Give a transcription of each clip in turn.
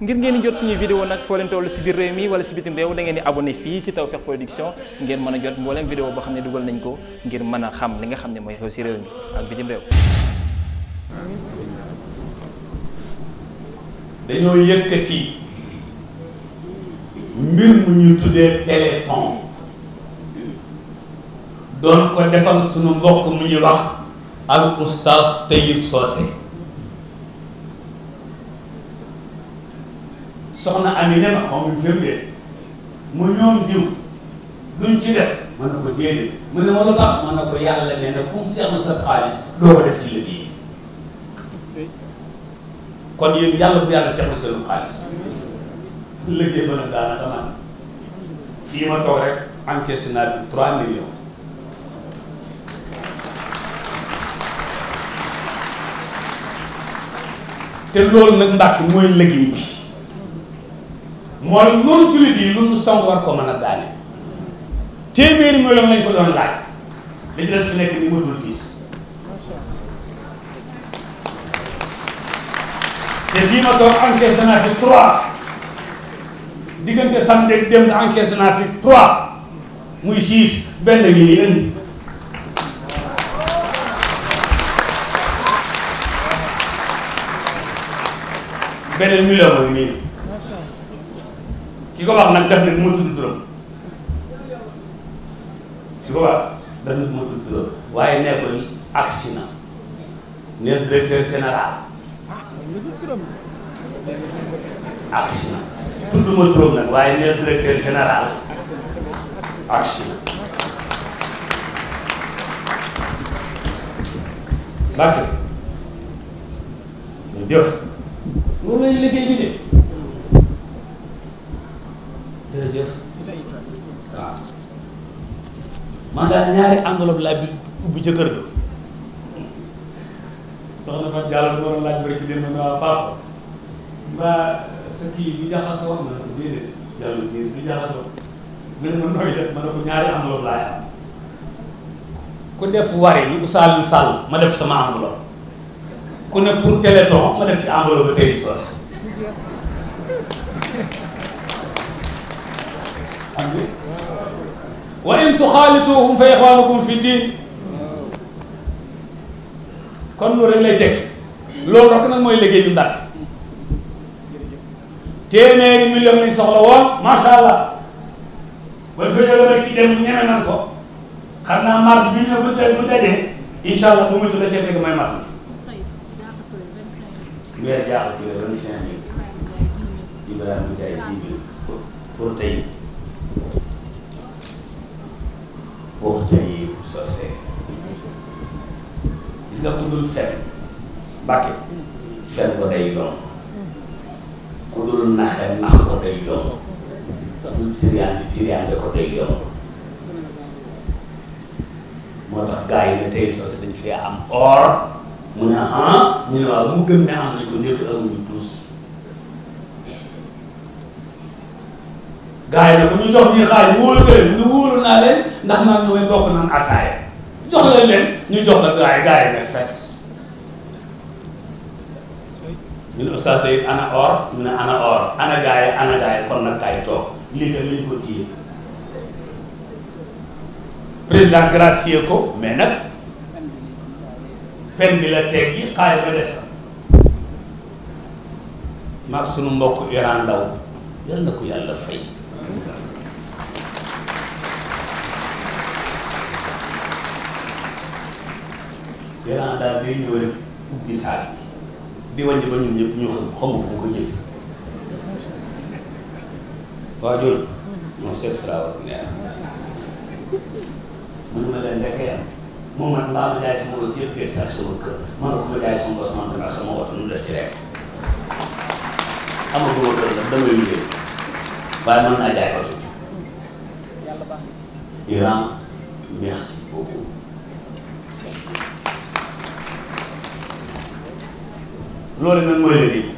ngir ngeen di jot suñuy vidéo nag foo leen toll si biir réew mi wala si bitim réew da ngeen di abonné fii si Tawfekh Production ngeen mën a jot mbooleem vidéo boo xam ne dugal nañ ko ngir mën a xam li nga xam ne mooy xew si réew mi ak bitim réew dañoo yëkkati mbir mu ñu tuddee téléthon doon ko defal suñu mbokk mu ñuy wax ak oustaz Taïb Socé soxna Ami ne ma xaw ma jëm mu ñoom diw luñ ci def mën na ko déedéet mu ne ma lu tax mën na ko yàlla nee na ku mu seexal sa xaalis doo ko def ci liggéey kon yéen yàlla bu yàlla seexal seen xaalis liggéey ba nag daanaka man fii ma toog rek encaissé naa fi 3 millions. te loolu nag mbàkk mooy liggéey bi. mooy loolu jullit yi lu mu song war ko mën a daane téeméeri million lañ ko doon laaj li ci des fi nekk ni ma dul diis te fii ma toog encaissé naa fi trois diggante samedi ak fi trois muy siis benn ngi nii indi benn million ngi nii ki ko wax nag daf ne moo tudd turam ki ko wax daf ne moo tudd turam waaye nee ko agsi na ne directeur général agsi na tudd ma turam nag waaye ne directeur général agsi na Mbàkke man daal ñaari enveloppe laa bi ubbi ca kër soxna Fatou Diallo bu waroon laaj rek dina ma waa Papa mbaa sa kii bi jaxasoo ma ne ko déedéet Diallo déedéet bi jaxasoo nga ne def ma ne ko ñaari enveloppe laay am ku def wari ni Ousseynou Sall ma def sama enveloppe ku ne pour téléthon ma def ci enveloppe tey bi wa in tuxaalituhum fa ixwaanukum fi diin kon loolu rek lay teg loolu rek nag mooy liggéey bi ndax téeméeri million lañ soxla woon macha allah ba fi jóge ci dem ñeme nan ko xam naa mars bi ñu ne bu tey bu dajee mu tudd ca fekk may mars bi weer jaaxal ci weer vingt cinq mille Ibrahima waxtaanee soo seet gis nga ku dul fen bàkke fen ko day doon ku dul naxe nax ko day doon ku dul tiriyaande tiriyaande ko day doon moo tax gars yi ne tey soo seet dañu fee am or mu ne ah ñu ne waaw mu gëm ne am nañ ko nekk amuñu tous gars yi nag bu ñu jox ñuy xaaj wóolu nga leen ñu wóolu naa leen ndax maa ngi may bokk naan attaaya jox leen leen ñu jox la gars yi gars fes ñu ne oustaz tey ana or ñu ne ana or ana gars ana gars kon nag kaay toog lii da lañ ko téye président gracier ko mais nag pen bi la teg yi xaay ba des maag sunu mbokk Iran ndaw yal ko yàlla fay Bélan daal day ñëw ubbi saal bi di ba ñun ñëpp ñu xam xamu fu mu ko jël waa jooju non c'est extraordinaire man ma leen nekkee am moom man mbaa ma jaay sama wóor ci yëpp ak sama kër man ko ma jaay sama bos man tamit sama oto nu def ci rek amaguma kër la damay liggéey waaye mën naa jaay oto Iran merci beaucoup loolu nag mooy liggéey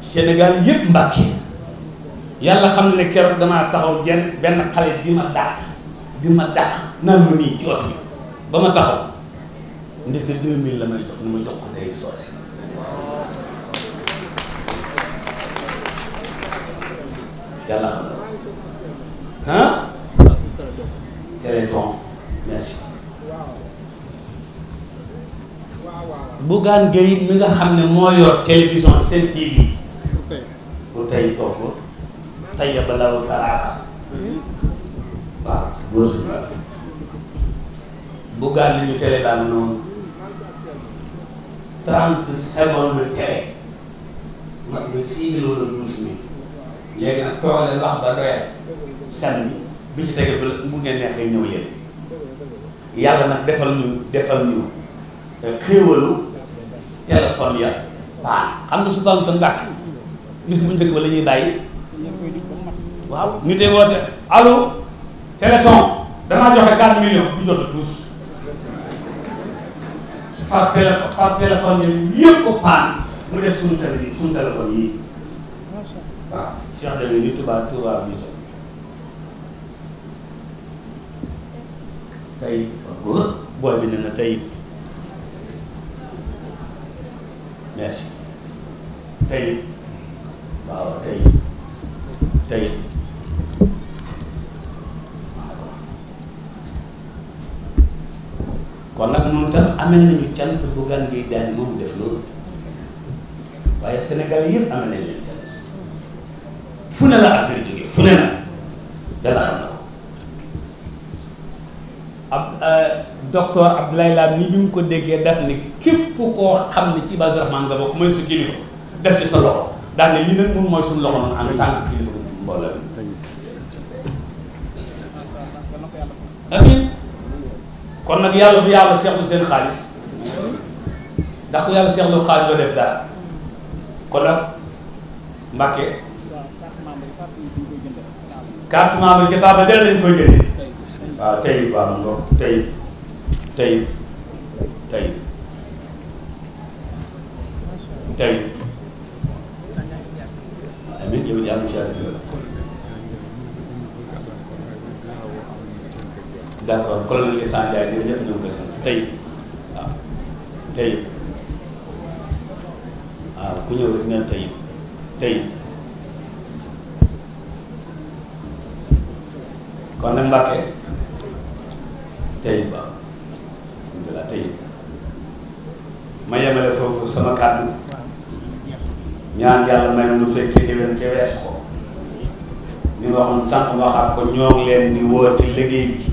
Sénégal yëpp mbàkke yàlla xam ne ne keroog damaa taxaw benn xale bi ma dàq bi ma dàq naan ma nii ci bi ba ma taxaw ndeke 2000 la may jox ni ma jox ko tey soosi yàlla xam na ah téléthon merci bu Bougane Gueye mi nga xam ne moo yor télévision Sen TV bu tey kooku tey ba law salaata waaw góor si Bougane li ñu télé daal noonu trente secondes de télé mat na six mille wala douze mille léegi nag toogaleen wax ba doyal sànni bi ci tege bu ngeen neexee ñëw leen yàlla nag defal ñu defal ñu xéewalu téléphone ya waaw xam nga su tànn tën làkk bis bu njëkk ba la ñuy bàyyi waaw ñu tey woote allo téléthon damaa joxe 4 millions du jot tous par téléphone par téléphone yi yëpp ko paan mu def suñu télé bi suñu téléphone yii waaw Cheikh da nga ni tubaab tubaab bi tey na tey merci tey waaw tey tey kon nag moom tam amee nañu cant bu gan gi daan moom def loolu waaye Sénégal yëpp amee nañ leen cant fu ne la affaire jóge fu ne na dana na ko ab euh, docteur Abdoulaye Lam ni ñu ngi ko déggee daf ne képp ku koo xam ne ci Ibadou Rahmane nga bokk mooy su kilifa def ci sa loxo daal ne mun mooy suñu loxo noonu en tant que kilifa mbooloo bi amin kon nag yàlla bu yàlla seexlu seen xaalis ndax ku yàlla seexlu xaalis doo def kon nag Mbàkke carte membre ca Baba Jalle lañ koy jëlee waaw tey baa ma ngoog tey tey tey tey amiin yow yaa ngi ci d' accord colonel Issa Ndiaye jërëjëf ñoo ko sant tey waaw tey waaw ku ñëw rek tey tey kon nag Mbàkke tey waaw alhamdulilah tey ma yemale foofu sama kàddu ñaan yàlla may nu fekkee déwén ca wees ko li nga waxoon sànq waxaat ko ñoo ngi leen di wóor ci liggéey bi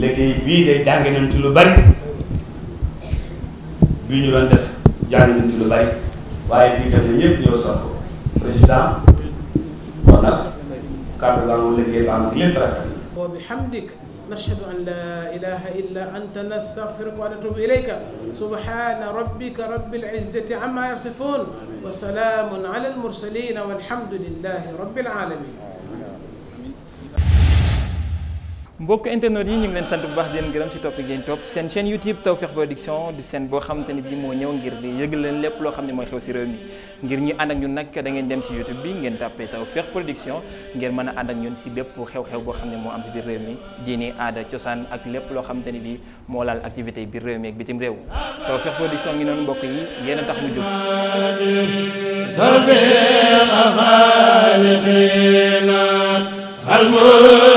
liggéey bii de jànge nañ ci lu bari bi ñu doon def jànge nañ ci lu bari waaye bii tam ne ñëw sopp président kon nag kàddu gaa moom liggéey ba am lépp rafet na. نشهد أن لا إله إلا أنت نستغفرك ونتوب إليك سبحان ربك رب العزة عما يصفون وسلام على المرسلين والحمد لله رب العالمين mbokk internet yi ñu ngi leen sant bu baax di leen gërëm ci topp gi ngeen seen chaîne YouTube Tawfekh Production du seen boo xamante ne bii moo ñëw ngir di yëgal leen lépp loo xam ne mooy xew ci réew mi ngir ñu ànd ak ñun nag da ngeen dem ci YouTube bi ngeen tàppee Tawfekh Production ngeen mën a ànd ak ñun ci bépp xew boo xam ne moo am ci biir réew mi diini aada cosaan loo xamante ne bii moo laal activité yi biir réew mi ak bitim réew Tawfekh Production ngi noonu mbokk yi yéen a tax mu jóg.